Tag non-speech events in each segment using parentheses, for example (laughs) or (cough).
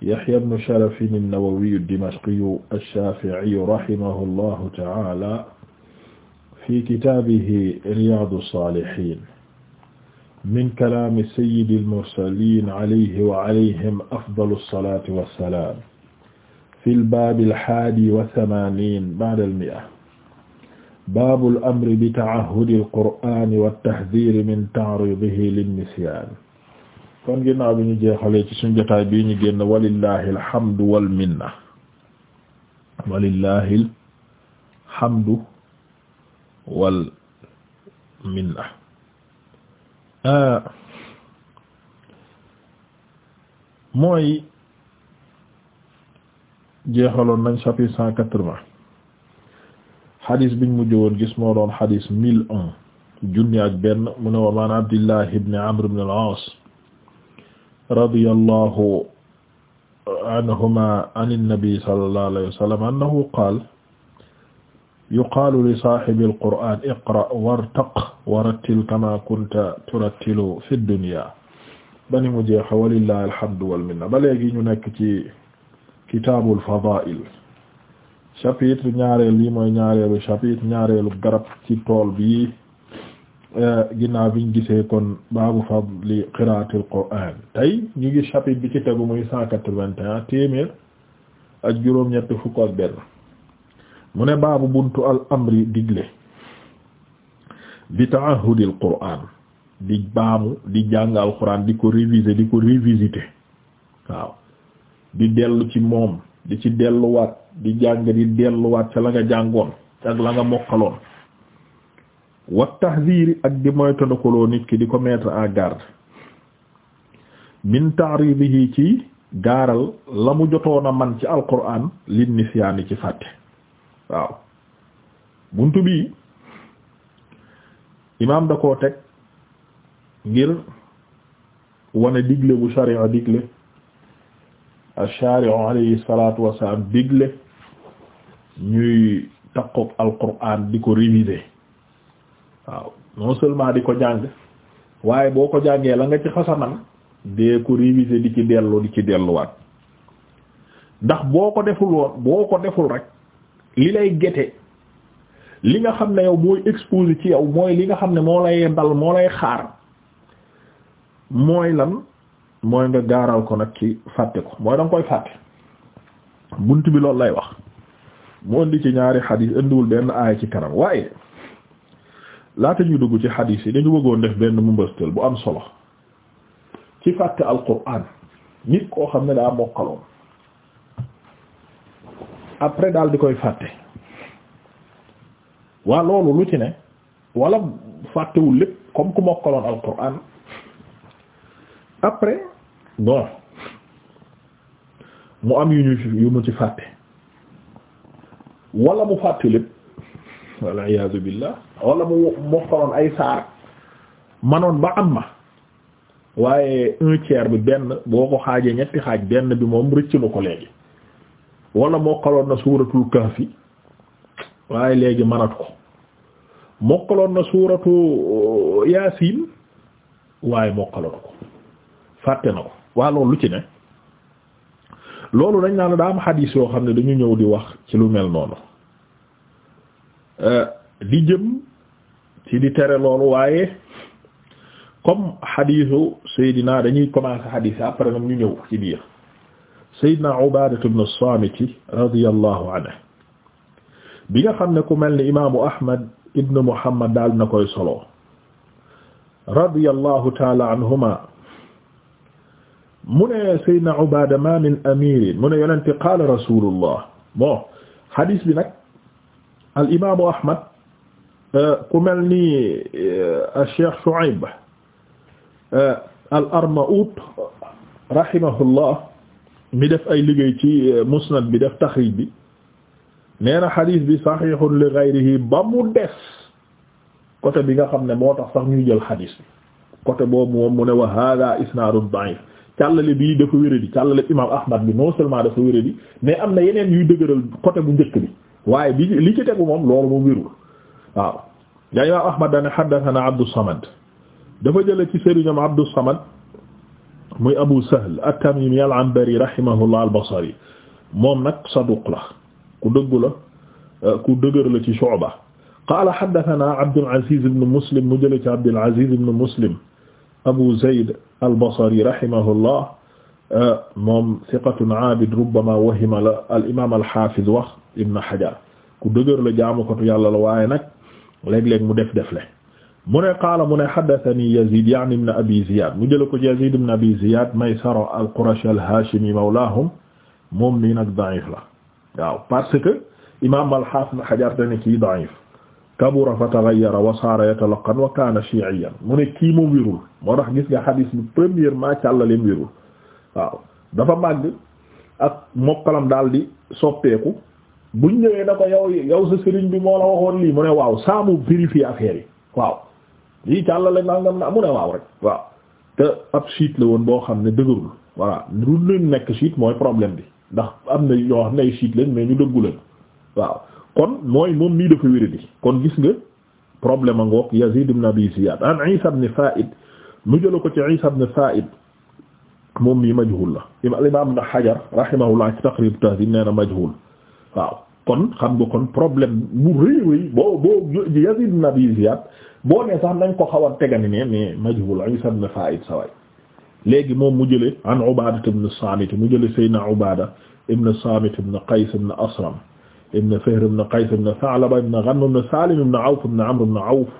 Yahya ibn Sharaf an-Nawawi ad-Dimashqi ash-Shafi'i rahimahu llahu ta'ala fi kitaabihi Riyaadu s-Saalihiin min kalaami sayyidil mursaliin alayhi wa alayhim afdalu s-salaati wa s-salaam fil baabil haadi wa thamaaniin ba'dal mi'a baabul amri bi ta'ahhudil qur'aani wat tahdhiiri min ta'riidihi lin-nisyaan kon ginnaaw bi ñu jeexalee ci suñu jotaay bii ñu génn walillahi alhamdu wal minna walillahi alhamdu wal minna ah. mooy jeexaloon nañ chapitre cent quatre-vingts xadis biñ mujj woon gis moo doon xadis mille un junni ak benn mu ne wa maan abdillahi ibn amr ibn al radiyallahu anhuma an innabi sallallahu alayhi wa sallam annahu qaala yuqaalu li saahibil qur'aan iqra wartaq warattil kamaa kunta turattilu fid dunyaa bani mu jeex walillahi alhamdu wal minna ba léegi ñu nekk ci kitaabul fadaa'il chapitre ñaareelu lii mooy ñaareelu chapitre ñaareelu garab ci tool bi Euh, ginnaaw biñ gisee kon baabu fadli qiraatil qur'aan tey ñu gis chapitre bi ci tegu muy téeméer ak juróom-ñett fukk ak benn mu ne baabu buntu al amri digle bi taahudil qur'aan di baamu di jàng al qur'aan di ko réviser di ko révisiter waaw di dellu ci moom di ci delluwaat di jàng di delluwaat ca la nga jàngoon ak la nga mokkaloon wa tahzir ak di moytandikuloo nit ki di ko mettre en garde min ta'ridihi ci gaaral la mu jotoon man ci alquran lin nisyaani ci fàtte waaw buntu bii imaam da koo teg ngir wane digle bu sharia digle ash-shari'u alayhi salatu digle ñuy taqoog alquran di ko réviser waaw non seulement di ko jàng waaye boo ko jàngee la nga ci xasaman dee ko réviser di ci dellu di ci delluwaat ndax boo ko deful woon boo ko deful rek li lay gete li nga xam ne yow mooy exposé ci yow mooy li nga xam ne moo lay dal moo lay xaar mooy lan mooy nga gaaral ko nag ci fàtte ko mooy da koy fàtte bunt bi loolu lay wax mu indi ci ñaari xadiis indiwul benn aaya ci kanam waaye laata ñuy dugg ci xadiis yi dañu bëggoon def benn mu mbëstal bu am solo ci fàtte alquran nit koo xam ne daa mokkaloon après daal di koy fàtte waa loolu lu ci ne wala fàttewul lépp comme ku mokkaloon alquran après bon mu am yu ñu yu mu ci fàtte wala mu fàtte lépp wal iyaazu billah wala mu mokkaloon ay saar manoon ba am ma waaye un bi benn boo ko xaajee ñetti xaaj benn bi moom rëcc na ko léegi wala mokkaloon na suuratu kahfi waaye léegi manat ko mokkaloon na suuratu uh, yaasin waaye mokkalatu ko fàtte na ko waa loolu lu ci ne loolu dañ naa la daa am xadiis yoo xam ne dañu ñëw di wax ci lu mel noonu Euh, di jëm ci di tere loolu waaye comme xadiisu Seydina dañuy commencer xadiis après nag ñu ñëw ci biir Seydina Ubaadatu ibn as-Saamit radiyallahu anhu bi nga xam ne ku mel ni imaamu Ahmad ibn Muhammad daal na koy solo radiyallahu taala anhuma mu ne Seydina Ubaada ma min amirin mu ne yonente qaala rasulullah bon xadiis bi nag al imaamu Ahmad ku mel ni eh, Cheikh Shu'ayb eh, al Arnaout rahimahullah mi def ay liggéey ci eh, musnad bi def taxrij bi nee na xadiis bi saxiixun li gayrihi ba mu des côté bi nga xam ne moo tax sax ñuy jël xadiis bi côté boobu mu ne wa hada isnaadu da'if càllale bii dafa wéradi càllale imaam Ahmad bi non seulement dafa wéradi mais am na yeneen yuy dëgëral côté bu njëkk bi waaye bi li ci tegu moom loolu moom wérul waaw yaa imaam ahmad dane xadathana abdus samad dafa jële ci sëriñam abdus samad muy abu sahl at-tamimi al-anbari rahimahullah al-basri moom nag saduq la ku dëggu la euh, ku dëgër la ci shu'ba qaala xadathana abdul aziz ibn muslim mu jële ci abdul aziz ibn muslim abu zayd al-basri rahimahullah euh, moom thiqatun aabid rubbama wahima la al imam al-hafiz wax ibn Hajar ku dëgër la jaamukatu yàlla la waaye nag léeg mu def def le mu ne qaala mu ne haddathani Yazid ya'ni ibn Abi Ziyad mu jëla ko Yazid ibn Abi Ziyad Maysara al-Qurashi al-Hashimi mawlaahum moom nii nag da'if la waaw parce que imam al-Hafiz Hajar dane kii da'if kabura fa taghayyara wa saara yatalaqan wa kaana shi'iyyan mu ne kii moom wérul moo tax gis nga xadis bi premièrement càllaleen wérul waaw dafa màgg ak mokkalam daal di soppeeku buñ ñëwee na ko yow yow sa sëriñ bi moo la waxoon lii mu ne waaw saamu mu vérifier affaire yi waaw lii càllale nangam na mu ne waaw rek waaw te ab siit la woon boo xam ne dëgërul voilà lu leen nekk siit mooy problème bi ndax am na yoo xam ne ay siit lañ mais ñu dëggu lañ waaw kon mooy moom nii dafa wéradi kon gis nga problème a ngoog Yazid ibn Abi Ziyad an Isa ibn Fa'id mu jëla ko ci Isa ibn Fa'id moom mii majhul la al na Ibn Hajar rahimahullah ci Taqrib Tahdhib nee na majhul waaw kon xam nga kon problème bu rëy rëy boo boo Yazid ibn Abi Ziyad boo ne sax nañ ko xaw a tegani ne mais majhul Isa ibn Fa'id saway léegi moom mu jële an Ubaada ibn Saamit mu jële Seydina Ubaada ibn Saamit ibn Qays ibn Asram ibn Fihr ibn Qays ibn Tha'laba ibn Ghanm ibn Salim ibn Awf ibn Amr ibn Awf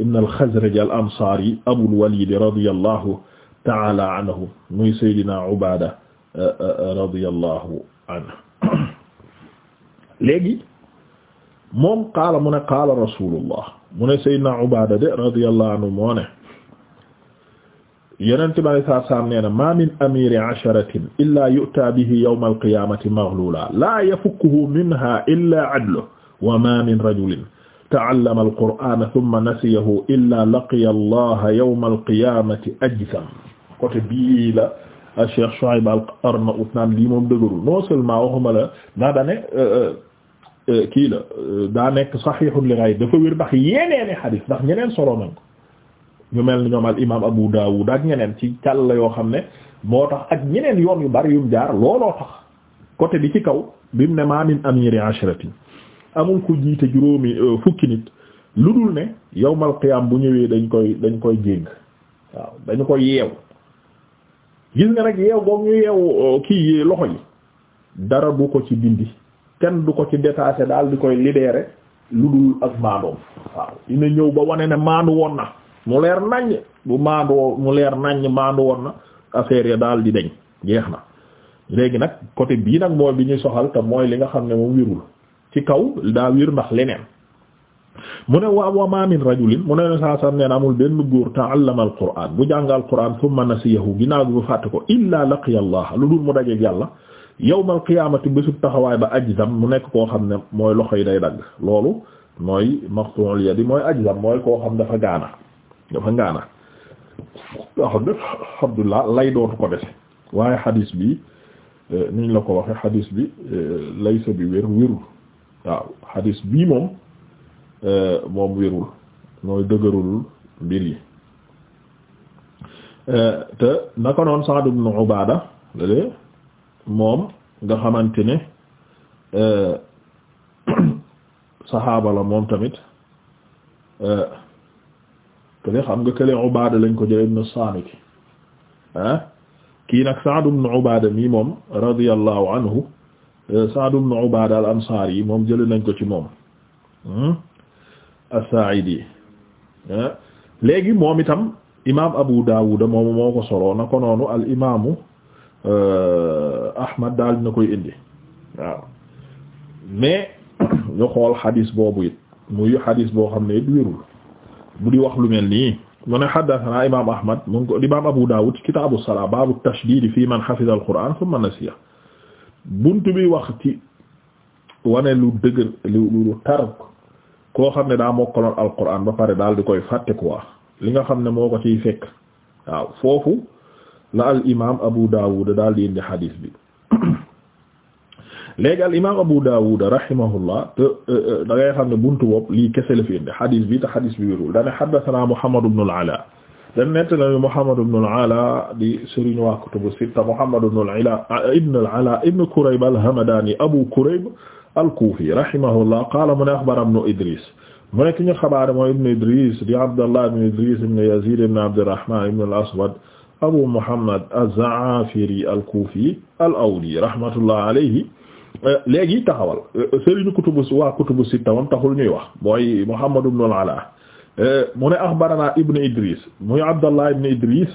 ibn al-Khazraj al-Ansari Abul Walid radiyallahu ta'ala anhu muy Seydina Ubaada eh, eh, eh, radiyallahu anhu léegi moom qaala mu ne qaala rasulullah mu ne Seydina Ubaada de radiyallahu anhu moo ne yonente bi alei saatu salaam nee na ma min amiri asharatin illa yu'ta bihi yawma alqiyamati maghlula la yafukkuhu minha illa adlu wa ma min rajulin ta'allama alqur'ana thumma nasiyahu illa laqiya allaha yawma alqiyamati ajsam côté bii la Cheikh Shuaib al-Arnaout naan lii moom dëgërul non seulement waxuma la naa dane Euh, kii la euh, daa nekk saxiixul li ghayr dafa wér ndax yeneeni xadiis ndax ñeneen solo nañ ko ñu mel ni ñoom al imaam Abu Daawud ak ñeneen ci càll la yoo xam ne moo tax ak ñeneen yoon yu bari yum jaar looloo tax côté bi ci kaw bi mu ne maa min amiri ashrati amul ku jiite juróomi euh, fukki nit lu dul ne yawmal qiyaam bu ñëwee dañ koy dañ koy jéng waaw dañu koy yeew gis nga nag yeew boobu ñu yeew kii loxo yi dara bu ko ci dindi kenn du ko ci détaché daal di koy libéré lu dul ak maandoom waaw dina ñëw ba wane na maandu woon na mu leer naññ bu maandu mu leer naññ maandu woon na affaire ya daal di deñ jeex na léegi nag côté bii nag mooy bi ñuy soxal te mooy li nga xam ne moom wirul ci kaw daa wir ndax leneen mu ne waaw wa ma min rajulin mu ne ne saa sam neen amul benn góor ta'allama al-qur'an bu jàngal al-qur'an thumma nasiyahu ginnaaw bi bu fàtte ko illa laqiya allah lu dul mu dajeeg yàlla yawmal qiyaamati bésub taxawaay ba ajzam mu nekk koo xam ne mooy loxo yi day dagg loolu mooy maqtu'ul yadi mooy ajzam mooy koo xam dafa gaana dafa gaana waaw alhamdulillah lay dootu ko dese waaye xadiis bi eh, niñ la ko waxe xadiis bi eh, laysa bi wér wérul moom eh, moom wérul mooy dëgërul mbir yi te naka noon Sa'd ibn Ubaada moom nga xamante ne euh, saxaaba la moom tamit euh, kële xam nga kële Ubaada lañ ko jëlee ibn Saamit ah kii nag Sa'd ibn Ubaada mi moom radiyallahu anhu euh, Sa'd ibn Ubaada al-Ansaari yi moom jël nañ ko ci moom hmm? as-Saa'idi léegi moom itam imaam Abu Daawuda moom moo ko solo na ko noonu al imaamu. Euh, Ahmad daal dina koy indi waaw mais (coughs) ñu xool xadis boobu it muy xadis boo xam ne it wérul bu di wax lu mel nii mu ne haddathana imam Ahmad mu ngi ko imam Abu Dawud ci kitaabu salaa baabu tashdid fi man hafiza al-Qur'an thumma nasiya bunt bi wax ci wane lu dëgër lu lu tar koo xam ne daa mokkaloon al-Qur'an ba pare daal di koy fàtte quoi li nga xam ne moo ko ciy fekk waaw foofu. la al imaam Abu Dawud daal di indi xadiis bi (clears throat) léegi al imaam Abu Dawud rahimahullah te e, e, da ngay xam ne buntu bopp lii kese la fi indi xadiis bi te xadiis bi wérul dane xaddasanaa Muhammad ibn al-Ala dan nett nañu Muhammad ibn al-Ala di sëriñu waa kutubu sitta Muhammad ibn al-Ala ibn al-Ala ibn Kurayb al-Hamdani Abu Kurayb al-Kufi rahimahullah qaala mu ne axbara ibn Idris mu nekk ñu xabaar mooy ibn Idris di Abdallah ibn Idris ibn Yazid ibn Abdurrahman ibn al-Aswad abu muhammad az-zaafiri al-kuufi al-awdi rahmatullah alayhi léegi taxawal sëriñu kutubu waa kutubu sitta moom taxul ñuy wax mooy muhammad ibn al-ala mu ne axbarana ibn idris muy abdallah ibn idris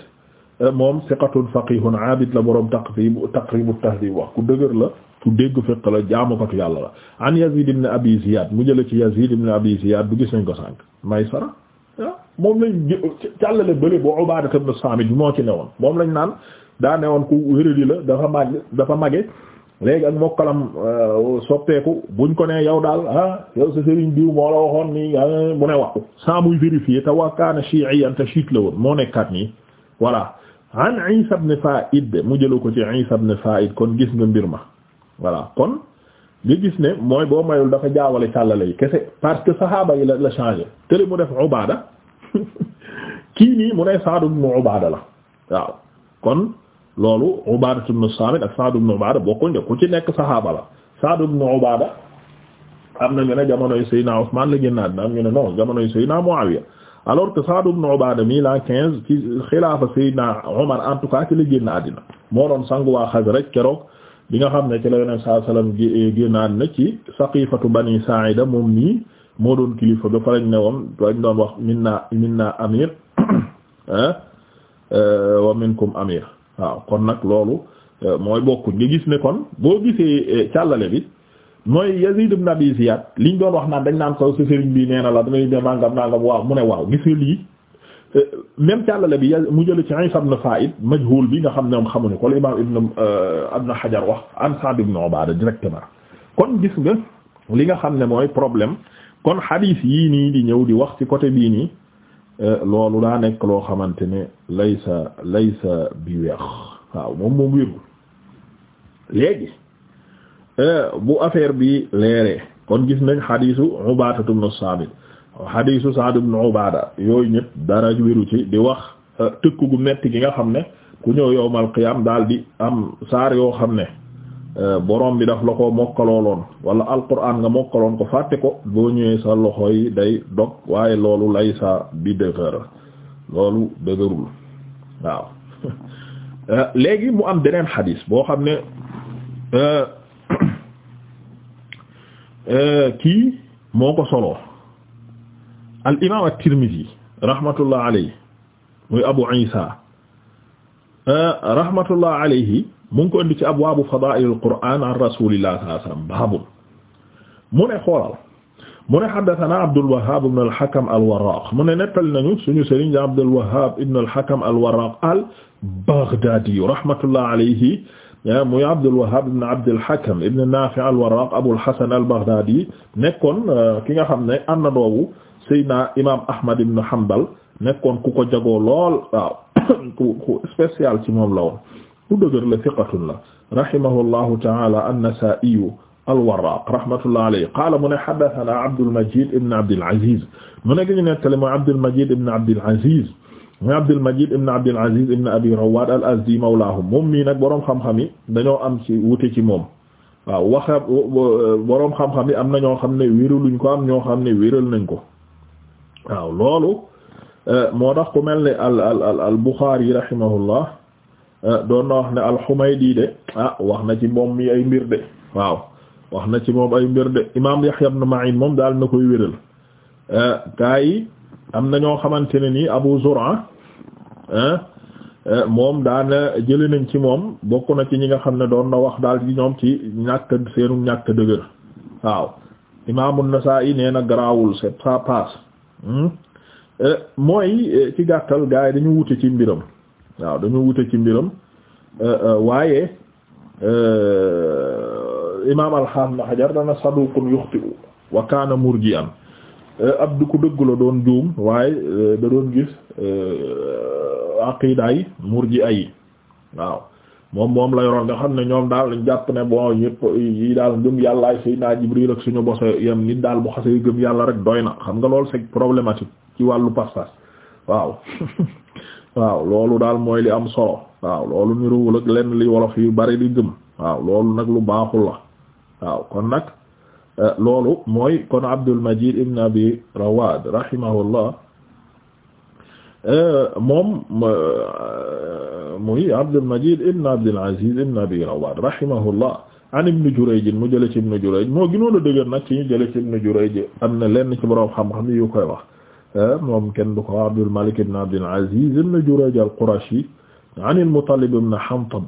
moom siqatun faqihun abid la boroom taqrib taqribu tahdib wax ku dëgër la ku dégg fiq la jaamukatu yàlla la an yazid ibn abi ziyad mu jële ci yazid ibn abi ziyad bu gis nañ ko sànq maysara moom lañ càllale bële boo Ubaada ibn Saamit bi moo ci ne woon moom lañ naan daa newoon ku wéradi la dafa màgg dafa màgge léegi ak mokkalam euh, soppeeku buñ ko ne yow daal ah yow sa sëriñ diw moo la waxoon nii bu ah, ne waxu saa muy vérifier te waa kaana shii'iyyan te chiite la woon moo nekkaat nii voilà an Isa ibn Fa'id mu jëlu ko ci Isa ibn Fa'id kon gis nga mbir ma voilà kon li gis ne mooy boo mayul dafa jaawale càllale yi kese parce que saxaaba yi la la changé tëli mu def Ubaada kii nii mu ne Sa'd Ubaada la waaw kon loolu Ubaada ibn Saamit ak Sa'd ibn Ubaada bokkuñ de ku ci nekk saxaaba la Sa'd ibn Ubaada am na ñu ne jamonoy Seydina Usmaan la génn àddina am ñu ne non jamonoy Seydina Muawiya alors que Sa'd ibn Ubaada mii quinze ci xilaafa Seydina Umar en ci la génn àddina moo doon sangu waa Xasraj keroog bi nga xam ne ci la Yonent sallallahu alayhi génn àddina ci saqifatu Bani Saa'ida moom nii moo doon kilifa ba fa ne woon dañ doon wax minna minna amir (coughs) ah, eh, wa minkum amir waaw kon nag loolu eh, mooy bokkuñ nga gis ne kon boo gisee eh, càllale bi mooy Yazid ibn Abi Ziyad liñ doon wax naan dañ naan ko sa sëriñ bi nee na la damay nangam nangam waaw mu ne waaw gis lii même càllale bi mu jële ci Isa ibn Sa'id majhul bi nga xam ne moom xamuñu ko imam ibn Ibn Hajar wax an Sa'd ibn Ubaada directement kon gis nga li nga xam ne mooy problème kon xadiis yii nii di ñëw di wax ci côté bii nii euh, loolu daa nekk loo xamante ne laysa laysa bi weex waaw moom moom wérul léegi euh, bu affaire bi leeree kon gis nañ xadiisu Ubaada ibn Saamit xadiisu Saad ibn Ubaada yooyu ñëpp dara wéru ci di wax euh, tëkk gu metti gi nga xam ne ku ñëw yowmal qiyaam daal di am saar yoo xam ne Euh, borom bi daf la ko mokkalooloon wala alquran nga mokkaloon ko fàtte ko boo ñëwee sa loxo yi day dog waaye loolu lay sa bi dëgër loolu dëgërul waaw (laughs) euh, léegi mu am beneen xadis boo xam ne euh, (coughs) kii moo ko soloo al imam at-Tirmidhi rahmatullah alayhi muy Abu Isa rahmatullah alayhi mu ngi ko indi ci abwaabu fadaa'ilil qur'aan an rasuulillah sallallahu alayhi wasallam baabul mu ne xoolal mu ne haddasanaa Abdul Wahhaab ibn al-Hakam al-Warraaq mu ne nettali nañu suñu sëriñ di Abdul Wahhaab ibn al-Hakam al-Warraaq al-Baghdaadi rahmatullahi alayhi ah, muy Abdul Wahhaab ibn Abdul Hakam ibn Naafi' al-Warraaq Abul Hasan al-Baghdaadi nekkoon ah, ki nga xam ne am na doowu Seydina imaam Ahmad ibn Hanbal nekkoon ku ko jagoo lool waaw (coughs) ku ku spécial ci moom la woon. ku dëgër la thiqatun la rahimahullahu ta'ala an-Nasa'iyu al-Warraq rahmatullahi alayhi qaala mu ne haddathana Abdul Majid ibn Abdul Aziz mu ne gi ñu nettali mooy Abdul Majid ibn Abdul Aziz mooy Abdul Majid ibn Abdul Aziz ibn Abi Rawwad al-Azdi mawlaahum moom mii nag boroom xam-xam yi dañoo am ci wute ci moom waaw waxa boroom xam-xam yi am na ñoo xam ne wéraluñ ko am ñoo xam ne wéral nañ ko waaw loolu eh, moo tax ku mel ni al al al Bukhari rahimahullah Eh, doon na wax ne al de ah, wax na ci moom mi ay mbir de waaw wax na ci moom ay mbir de imaam Yahya ibn Ma'in moom daal na koy wéral eh, gaa yi am na ñoo xamante ne nii Abu Zur'a eh, moom daana jëli nañ ci moom bokk na ci ñi nga xam ne doon na wax daal ci ñoom ci ñàkk seenu ñàkk dëgër waaw imaamu Nasaa'i nee na garaawul c'est ça passe hmm? mooy ci gàttal gaa yi dañu wute ci mbiram waaw dañoo wute ci mbiram euh, euh, waaye euh, imaam alxaam na xajar dana saduqun yuxti'u muur kaana am ab du ko dëggu la doon juum waaye da doon gis aqiidaay murji'a yi waaw moom moom la yoroon nga xam ne ñoom daal jàpp ne boo ñëpp yi daal gëm yàlla ay Seydina Jibril ak suñu boso yam nit daal bu xasee gëm yàlla rek doy na xam nga loolu c'est problématique ci wàllu pas-pas waaw (laughs) waaw loolu daal mooy li am solo waaw loolu niruwul ak lenn li wolof yu bari di gëm waaw loolu nag lu baaxul la waaw kon nag eh, loolu mooy kon Abdul Majid ibn Abi Rawad rahimahullah eh, moom eh, muy Abdul Majid ibn Abdul Aziz ibn Abi Rawad rahimahullah an Ibn Jurayj mu jële ci Ibn Jurayj moo gënoon a dëgër nag ci ñu jële ci Ibn Jurayj am na lenn ci boroom xam-xam yu koy wax moom kenn du ko Abdul Malik ibn Abdul Aziz ibn Jurayj al-Qurashi an al-Muttalib ibn Hamtab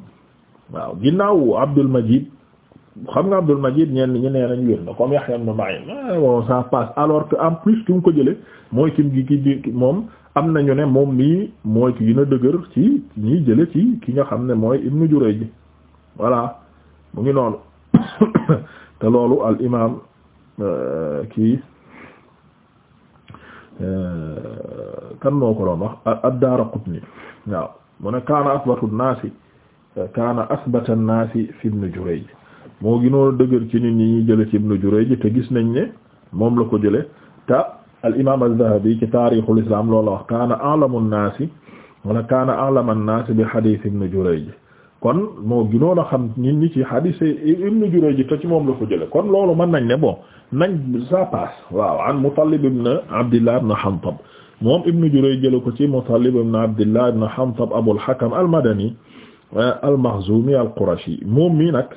waaw ginnaaw Abdul Majid xam nga Abdul Majid ñenn ñu nee nañ wér na comme Yahya ibn Ma'in eh, bon ça passe alors que en plus ki mu ko jële mooy kim gi ki moom am nañu ne moom mii mooy ki gën a dëgër ci ñiy jële ci ki nga xam ne mooy Ibn Jurayj voilà mu ngi noonu (coughs) te loolu al imaam euh, kii Euh, kan moo ko doon wax ad-Daraqutni waaw mu ne kaana asbatu naasi kaana asbata naasi fi Ibn Jurayj moo gënoon dëgër ci nit ñi ñuy jële ci Ibn Jurayj te gis nañ ne moom la ko jële te al imaam az-Zahabi ci taarixul islam loolu la wax kaana a'lamu naasi wala kaana a'lamu naasi bi hadiis Ibn Jurayj kon moo gënoon a xam nit ñi ci hadith Ibn Jurayj te ci moom la ko jële kon loolu mën nañ ne bon nañ ça passe waaw an Mutallib ibn Abdillah ibn Hamtab moom Ibn Jurayj jële ko ci Mutallib ibn Abdillah ibn Hamtab Abul Hakam al-Madani al-Makhzumi al-Qurashi moom mii nag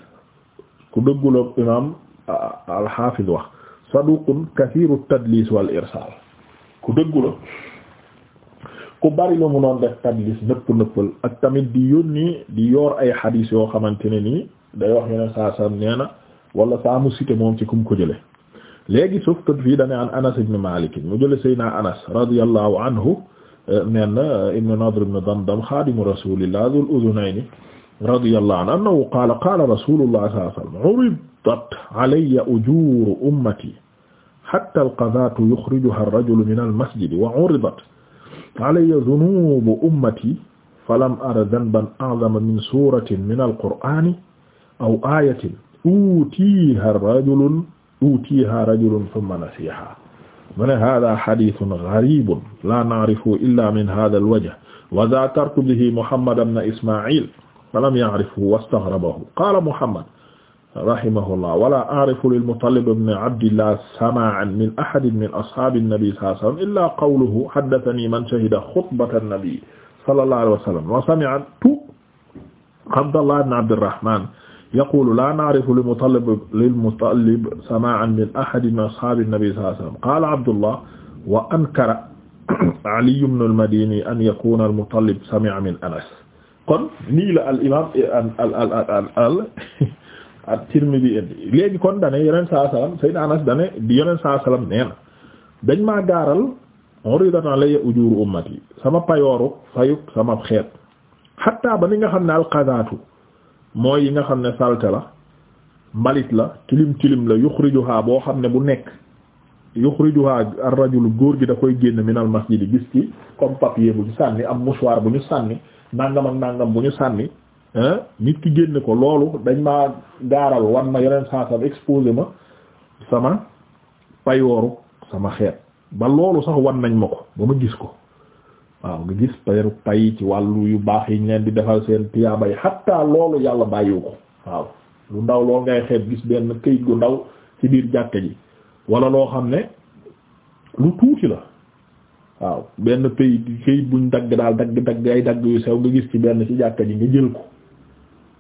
ku dëggula imam al wax saduqun kathiru at-tadlis wal irsal ku dëggula ku bari la mu doon def tadlis nëpp nëppal ak tamit di yónni di yoor ay xadiis yoo xamante ne nii day wax yeneen saa saa nee na wala saa mu cité moom ci ku mu ko jële léegi sauf que fii dane an Anas ibn Malik mu jële Seydina Anas radiyallahu anhu nen ibn Nadr ibn Damdam xaadimu rasulillah dhul udhunayni radiyallahu anhu annahu qaala qaala rasulullah sallallahu alayhi wasallam uridat alayya ujuru ummati hatta alqadhatu yukhrijuha ar-rajulu min al-masjidi wa uridat alayya zunubu ummati falam ara zanban a'zama min suratin min alqur'ani aw ayatin utiha rajulun utiha rajulun thumma nasiha mu ne hada hadithun gharibun la na'rifu illa min hadha alwajh wa dhakartu bihi muhammadan ibn isma'il falam ya'rifhu wastaghraba qala muhammad rahimahullah wala a'rifu lil Mutallib ibn Abdillah samaa'an min ahadin min ashaabi nabi sallallahu alayhi wa sallam illaa qawluhu haddathanii man shahida xutbata nabi sallallahu alayhi wa sallam wa sami'tu Abdallah ibn Abdirrahmaan yaqulu laa na'rifu lil Mutallib lil Mutallib samaa'an min ahadin min ashaabi nabi sallallahu alayhi wa sallam qaala Abdullah wa ankara (clears throat) Ali ibn al-Madini an yakuuna al-Mutallib sami'a min Anas kon nii la al imaam al al al al. at-Tirmidhi indi léegi kon dane yonent sallallahu alayhi wasallam sayyidina Anas dane di yonent sallallahu alayhi dañ maa gaaral uridat alayya ujuru ummati sama payooru fayuk sama xeet xatta ba ni nga xam ne alqadaatu mooy yi nga xam ne salte la mbalit la tilim tilim la yuxrijuha boo xam ne bu nekk yuxrijuha ar lu góor gi da koy génn minal masjid gis ci comme papier bu ñu sànni am mouchoir bu ñu sànni nangam ak nangam bu ñu sànni nit ki génn ko loolu dañ ma gaaral wan ma yeneen saa sam exposé ma sama payooru sama xeet ba loolu sax wan nañ ma ko ba ma gis ko waaw nga gis payoru pay ci wàllu yu baax yi ñu leen di defal seen tiyaaba yi xatta loolu yàlla bàyyiwu ko waaw lu ndaw loo ngay xeet gis benn këyit gu ndaw ci biir jàkka ji wala loo xam ne lu tuuti la waaw benn pays këyit buñ dagg daal dagg dagg ay dagg yu sew nga gis ci benn ci jàkka ji nga jël ko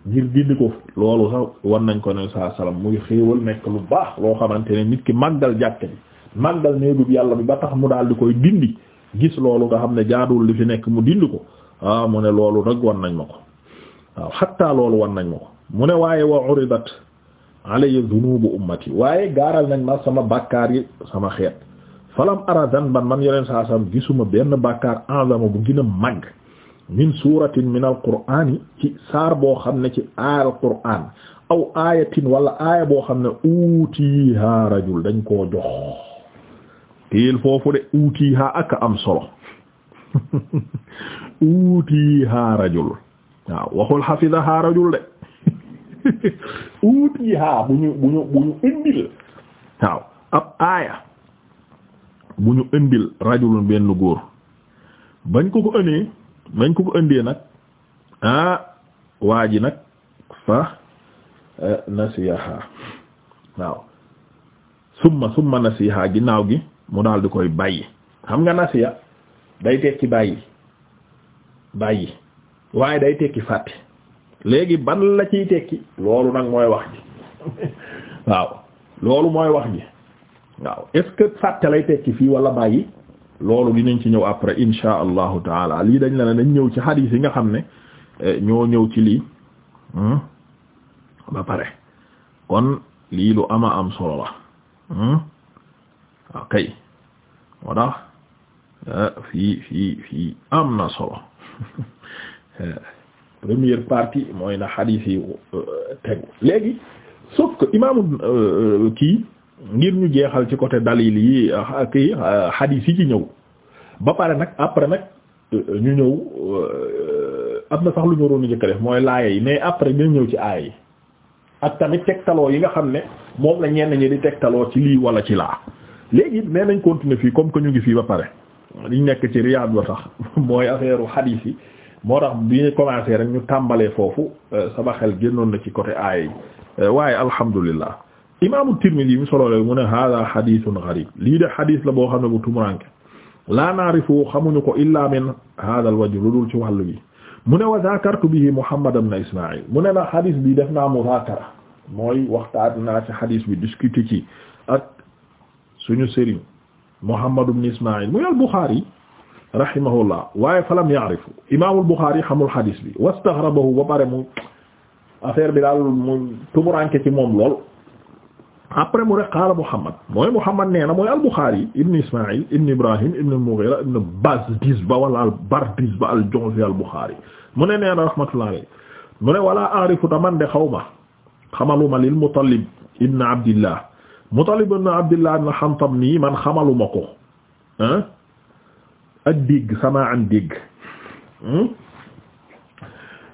ngir dindi ko loolu sax war nañ ko ne saa salaam muy xéewal nekk lu baax loo xamante ne nit ki màggal jàkk bi màggal néegub yàlla bi ba tax mu daal di koy dindi gis loolu nga xam ne jaaduwul li fi nekk mu dindi ko ah mu ne loolu rek war nañ ma ko waaw xatta loolu war nañ ma ko mu ne waaye wa uridat alayya dhunubu ummati waaye gaaral nañ ma sama bàkkaar yi sama xeet falam ara ba man yeneen saa salaam gisuma benn bàkkaar a'zama bu gën a màgg min suuratin min al ci saar boo xam ne ci al qur'aan aw aayatin wala aaya boo xam ne uutiiha rajul dañ koo jox teel foofu de uutiiha ak am solo (laughs) uutiiha rajul waaw waxul xafidaha rajul de (laughs) uutiiha bu ñu bu indil waaw ab aaya bu indil rajul benn góor bañ ko ko ënnee mañ ko ko indee nag ah waa ji nag fa eh, nasiha waaw summa summa nasiha ginnaaw gi mu daal di koy bàyyi xam nga nasiya day tekki bàyyi bàyyi waaye day tekki fàtte léegi ban la ciy tekki loolu nag mooy wax ji (laughs) waaw loolu mooy wax ji waaw est que fàtte lay tekki fii walla bàyyi loolu dinañ ci ñëw après insha allahu taala lii dañ la na dañ ñëw ci hadith yi nga xam ne eh, ñoo ñëw ci lii hmm? ba pare kon lii lu ama am solo la waaw hmm? ah, kay moo tax eh, fii fii fii am na solo (laughs) eh, première partie mooy na hadith yi tegu léegi sauf que imaamu kii ngir ñu jeexal ci côté dalil yi ak ah, ah, hadith yi ci ñëw ba pare nag après nag euh, ñu ñëw euh, am na sax lu ñu waroon a njëkk def mooy laaya yi mais après ñu ñëw ci aaya yi ak tamit tegtaloo yi nga xam ne moom la ñenn ñi di tegtaloo ci lii wala ci laa léegi nee nañ continuer fii comme que ñu ngi fii ba pare liñ nekk ci Riyad ba tax (laughs) mooy affaire hadith yi moo tax bi ñu commencé rek ñu tàmbalee foofu euh, sama xel génnoon na ci côté aaya yi waaye alhamdulillah imaamu Tirmidi mu solo leen mu ne hada hadithun gharib lii de hadith la boo xam ne bu tumuranke laa naarifu xamuñu ko illa min hada al wajh lu dul ci wàllu bi mu ne wa zakartu bihi Muhammad ibn Ismaïl mu ne na hadith bi def naa muzaakara mooy waxtaan naa ci hadith bi discuter ci ak suñu sëriñ Muhammad ibn Ismaïl muy al-Bukhari rahimahullah waaye falam ya'rifu imaamul Bukhari xamul hadith bi wastaghrabahu ba pare mu affaire bi daal mu tumuranke ci moom lool. après mu ne qaala Muhammad mooy Muhammad nee na mooy al ibn Ismaïl ibn Ibrahim ibn al-Mughira ibn Bazdisba wala al-Bardisba al-Ju'fi al-Bukhari mu ne nee na rahmatullahi alayhi mu ne wala a'rifu man de xaw ma xamaluma lil Mutallib ibn Abdillah Mutallib ibn Abdillah ibn Hantab nii man xamaluma ko ah ak sama an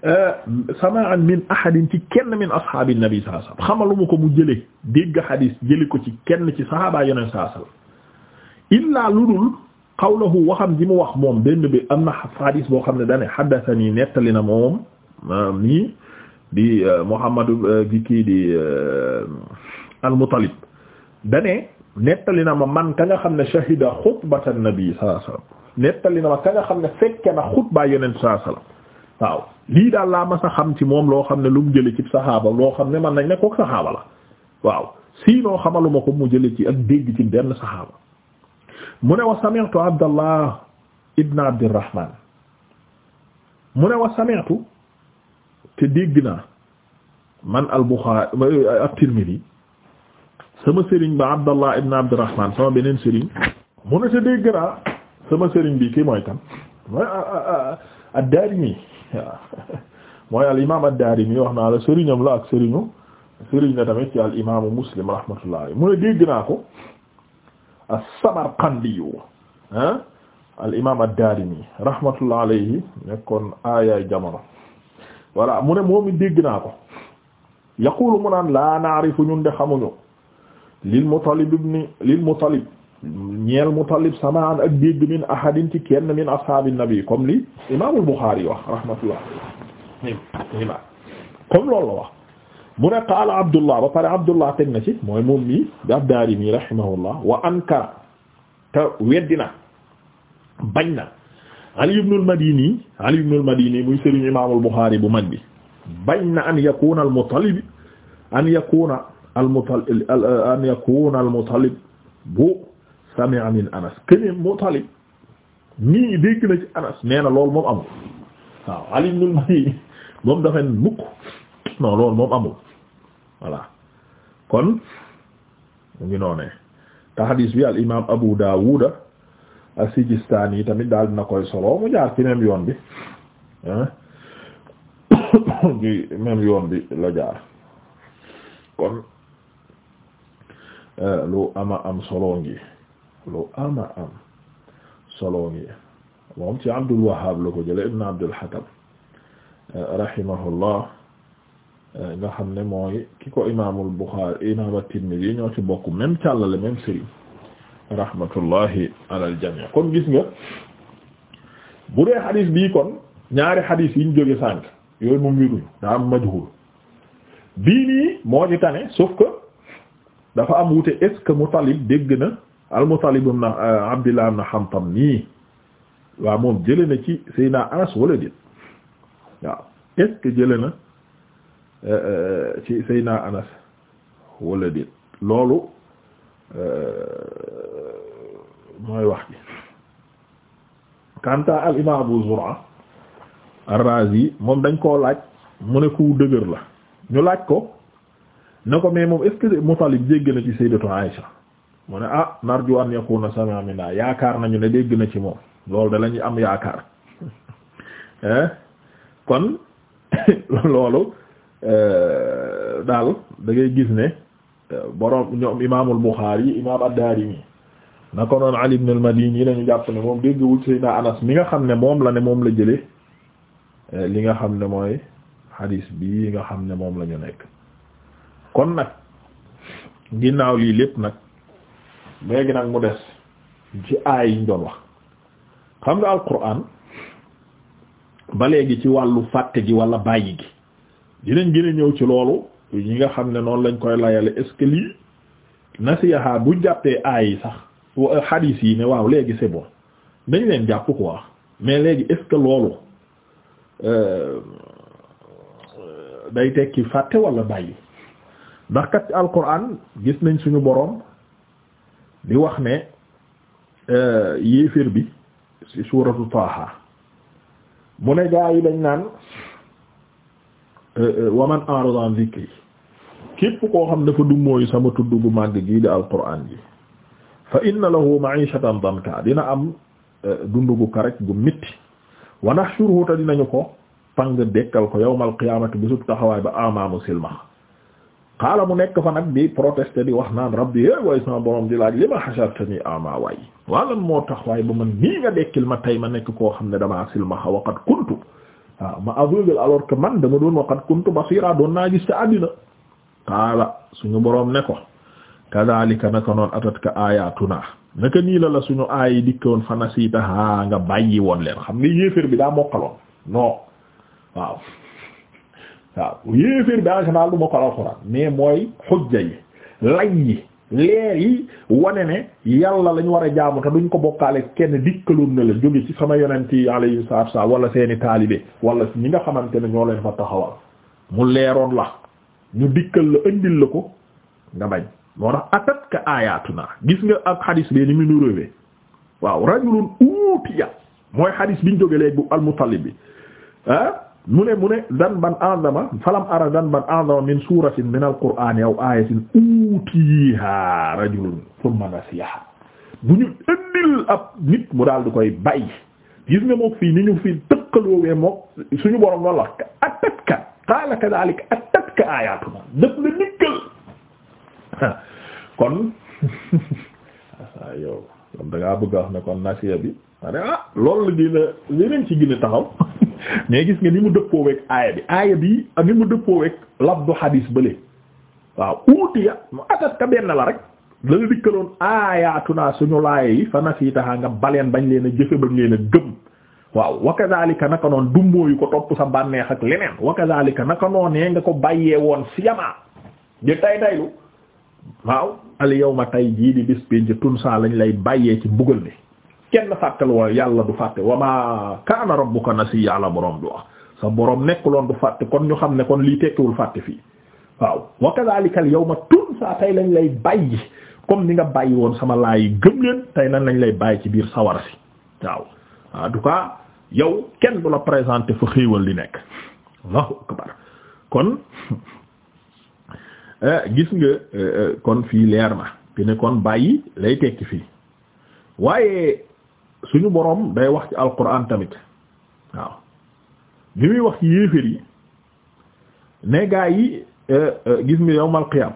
Euh, samaan min ahadin ci kenn min ashaabi nabi sallallahu alayhi wasallam xamaluma ko mu jële dégg xadiis jële ko ci kenn ci saxaabaa yoneen sallallahu alayhi wasallam illaa ludul qawluhu waxam ji mu wax moom benn bi am na xadiis boo xam ne dane xaddatani nettali na moom nii di euh, Muhammadu bi euh, kii di al-Muttalib dane nettali na ma man ka nga xam ne shahida xutbatan nabi sallallahu alayhi wasallam nettali na ma ka nga xam ne fekke na xutbaa yoneen sallallahu alayhi wasallam waaw lii daal laa mas a xam ci moom loo xam ne lu mu jële ci saxaaba loo xam ne man nañ ne saxaaba la waaw siinoo xamaluma ko mu jële ci ak dégg ci benn saxaaba mu ne wa sami'tu abdallah ibn abdirahman mu ne wa sami'tu te dégg naa man al Buxaari at-Tirmidhi sama sëriñ ba abdallah ibn abdirahman sama beneen sëriñ mu ne te dégg naa sama sëriñ bi kii mooy kan mooy ad-Daarimi waaw (laughs) mooy al imaam ad-Daarimi wax naa la sëriñam la ak sëriñu sëriñ la tamit ci al imaamu Muslim rahmatullahi mu ne dégg naa ko as-Samarqandi ah al imaam ad-Daarimi rahmatullahi alayhi nekkoon aayaay jamono voilà mu ne moom it dégg naa ko yaqulu mu naan laa naarifu ñun de xamuñu lil Muttalib ibn lil Muttalib ñeel Mutallib samaan ak dégg min ahadin ci kenn min ashaabi nabi comme li imaamul Buxaari wax rahmatullah ima comme loolu la wax mu ne qaala Abdullah ba pare Abdullah teg na ci mooy moom mii daf daari mii rahimahullah wa ankara te weddina bañ na Ali ibn al-Madini Ali ibn al-Madini muy sëriñ imaamul Buxaari bu mag bi bañ na an yakuna al-Mutallib an yakuna al-Mutallib an yakuna al-Mutallib bu sami'a min anas kene Mutalib nii dégg na ci anas nee na moom amul waaw Ali ibn moom dafa mukk non loolu moom amul voilà kon mu ngi noonee te bi al imaam Abu Daawuda as-Sijistaani yi tamit daal dina koy solo mu jaar ci même yoon bi (coughs) ci même yoon bi la jaar kon euh, lu ama am solo ngi lu ama am solo ngi moom ci Abdul Wahhab la ko jële ibn Abdul Hakam rahimahullah nga xam ne mooy ki ko imaamul Bukhari imaam at-Tirmidhi ñoo ci bokk même càllale même sëriñ rahmatullahi alal jamii kon gis nga bu dee xadiis bii kon ñaari xadiis yi ñu jóge sànk yooyu moom wéruñ daa am majhul bii nii moo ci tane sauf que dafa am wute est-ce que Mutalib dégg na al-Muttalib ibn euh, Abdillah ibn Hamtam nii waaw moom jële na ci Seydina Anas wala déet waaw est-ce na euh, euh, ci Seydina Anas wala déet loolu mooy wax ji kanta al imam Abu Zur'a ar-Razi moom dañ koo laaj mu ne ku dëgër la ñu laaj ko ne ko mais moom est-ce que ci Sayyidatu Aïsha mu ne ah narju an na sami'a minna yaakaar nañu ne dégg na ci moom loolu da am yaakaar (laughs) eh? kon (laughs) loolu eh, daal dangay gis ne eh, boroom ñoom imaamul Bukhari imaam ad-Daarimi na ko noon Ali ibn al-Madini lañu jàpp ne moom déggwul Seydina Anas mi nga xam ne moom la ne moom la jële li nga xam ne mooy hadis bii nga xam ne moom lañu nekk kon nag ginnaaw lii lépp nag léegi nag mu des ci aay yiñ doon wax xam nga alquran ba léegi ci wàllu fàtte gi wala bàyyi gi dinañ gën a ñëw ci loolu ñi nga xam ne noonu lañ koy layale est-ce que lii nasiha bu jàppee aay yi sax hadis yi ne waaw léegi c'est bon dañ leen jàpp quoi mais léegi est-ce que loolu euh, day tekki fàtte wala bàyyi ndax kat ci alquran gis nañ suñu boroom di wax ne euh, yéeféer bi ci suuratu Taaha mu ne gaa yi dañ naan euh, euh, waman a'rada an zikri képp koo xam dafa dummóoyu sama tudd bu màgg gii di alquran ji fa inna lahu ma'ishatan danka dina am dundu gu karek gu mitti wa nahshuruhu dinañu ko pang dekkal ko yawmal qiyaamati bisub taxawaay ba amaamu silmax xaala mu nekk fa nag bi protesté di wax naan rabbi eh, waaye sama borom di laaj li ma hashartani ama waay waalan moo tax waaye ba man nii nga dekkil ma ma nekk koo xam ne damaa silmaxa waqad kuntu waaw ma aveugle alors que man dama doon waqad kuntu basira doon naa gis ca àddina xaala suñu borom ne ko kadhalika naka noon atatka ayatuna naka nii la la suñu aayi fa fanasiitaha nga bàyyi woon leen xam nga yéeféer bi daa mokkaloon non waaw waaw yéeféer bi en général ko mokkal alxuraan mais mooy xujja yi lay yi leer yi wane ne yàlla lañ war a jaamu te duñ ko bokkaale kenn dikkaloon na la jóge ci sama yonent yi alayhi salaatu wasallam wala seeni taalibe wala ñi nga xamante ne ñoo leen fa taxawal mu leeroon la ñu dikkal la indil la ko nga bañ moo tax atat ka aayaatuna gis nga ak xadis bee ni mu nu réwee waaw rajulun utiya mooy xadis biñ jóge léegi bu al-Muttalib bi ah mu ne mu ne zanban a'zama falam ara zanban a'zama min suratin min al-qur'ani aw ayatin utiha rajulun thumma nasiha bu ñu ëndil ab nit mu daal di koy bàyyi gis nga mook fii ni ñu fi tëkkaloowee mook suñu borom loolu wax atatka qala kadhalika atatka ayatuna def na nikkal (laughs) kon (laughs) yow kon da bëgg a wax ne kon nasiya bi ma ne ah loolu la gën a yeneen ci gën a taxaw (laughs) mais gis nga ni mu dëppooweeg aaya bi aaya bi ak ni mu dëppooweeg labdu hadis bële waaw uutiya mu atat ka benn la rek lala dikkaloon aayatunaa suñu laaya yi fa nasiitaha nga baleen bañ leen a jëfe bañ leen a gëm waaw wa na naka noon dumbooyu ko topp sa bànneex ak leneen wa kadhalika naka noonee nga ko bàyyee woon siyamaa di tay taylu waaw al ma tey jii di bis bi ci tunsa lañ lay bàyyee ci mbugal bi kenn fàttal wala yàlla du fàtte wa ma kaana rabbuka si yàlla borom du wax sa borom nekkuloon du fàtte kon ñu xam ne kon lii tekkiwul fàtte fii waaw wa kadhalika al yawma tunsa tey lañ lay bàyyi comme ni nga bàyyi woon sama laay yi gëm leen tey nan lañ lay bàyyi ci biir sawar si waaw en tout yow kenn du la présenter fa xéewal di nekk kon (laughs) Eh, gis nga eh, eh, kon fii leer na te ne kon bàyyi lay tekki fii waaye suñu boroom day wax ci alquran tamit waaw bi muy wax ci yéeféer yi ne gaa yi gis nga yawmal qiyaam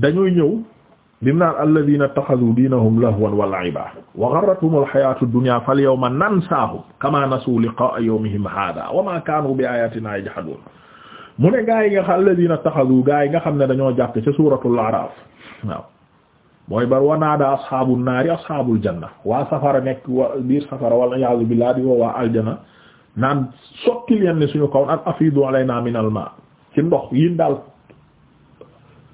dañuy ñëw bim naan alladhina ittakhadhu diinahum lahwan wa la'iba wa gharratuhumul hayatud dunya falyawma nansaahum kama nasu liqaa'a yawmihim haadha wa ma kaanu bi ayatina yajhadun mu ne gaa yi nga xam alladhina ittakhadhu gaa yi nga xam ne dañoo jàpp ca suuratul a'raaf waaw mooy bar wa naada ashaabun naari ashaabul janna waa safara nekk wa biir safara wal iyaazu billahi wa waa aljana naan sotti leen ne suñu kaw ak afiidu alaynaa minal maa ci ndox yi daal.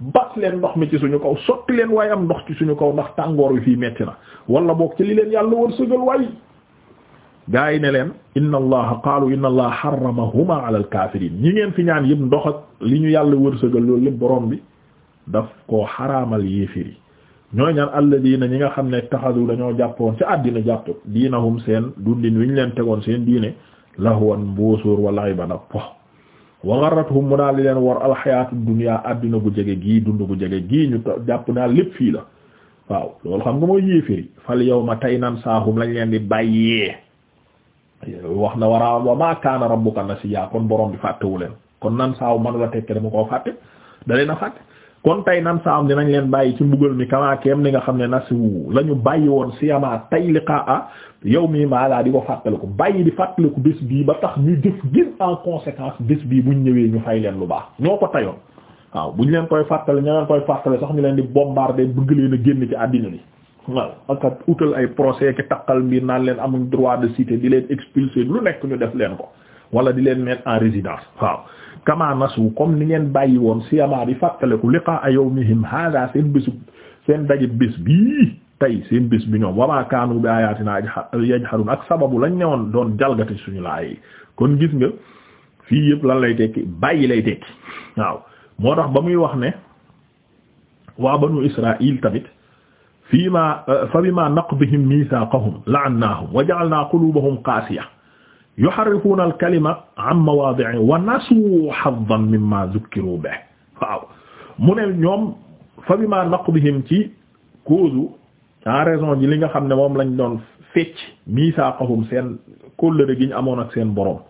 bas leen ndox mi ci suñu kaw sotti leen waaye am ndox ci suñu kaw ndax tàngoor wi fii metti na wala boog ci li leen yàlla wërsëgal way gaa yi ne leen inna allaha qaalu inna allaha xaramahuma ala alkaafiriin ñi ngeen fi ñaan yëpp ndox ak li ñu yàlla wërsëgal loolu lépp borom bi daf koo xaraamal yéefiri ñooy ñaan alladina ñi nga xam ne taxadu dañoo jàppoon ci àddina jàpp diinahum seen dundin wi ñu leen tegoon seen diine lahwan mbóosóor wala iban ak wa gharratuhum mu daal di leen war alxayaatu dunya addina gu jege gii dund gu jege gii ñu jàpp naa lépp fii la waaw loolu xam nga mooy yéeféri fal ma tay nan saahum lañ leen di bàyyee wax na waraa wa ma kaana rabbuka nasiya kon borom bi fàttewu leen kon nan saahu manu la tekki dama koo fàtte da leen fàtte kon tey nan saam dinañ leen bàyyi ci mbugal mi kamaakeem li nga xam ne nasiwu la ñu bàyyi woon siyama tay liqaa yow mi maalaa di ko fàttaliku bàyyi di fàttaliku bés bii ba tax ñu jëf gis en conséquence bés bii bu ñu ñëwee ñu fay leen lu baax ñoo ko tayoon waaw buñ leen koy fàttali ñoo leen koy fàttali sax ñu leen di bombarder bëgg leen a génn ci àddina bi waaw aka utal ay procès ki taqal mbir naa leen amuñ droit de cité di leen expulser lu nekk ñu def leen ko wala di leen mettre en résidence kama nasu comme ni ngeen bàyyi woon siyama di fàttaleku liqaa yawmihim hada seen bésub seen daje bés bii tey seen bés bi ñoom wama kaanu bi ayatina yajharun ak sababu lañ newoon doon jalgati suñu laay kon gis nga fii yëpp lan lay tekki bàyyi lay tekki waaw moo tax ba muy wax ne waa banu israil tamit fii ma fa bima naqdihim mithaqahum la'annahum wa ja'alna qulubahum qasiyah yuharrifuuna al-kalima an mawaadi'ihi wa nasuu haddan mimmaa zukkiruu bihi waaw mu ne ñoom fa bimaa naqdihim ci cause en raison ji li nga xam ne moom lañ doon fecc miisaaqahum seen kóllëre gi ñu amoon ak seen borom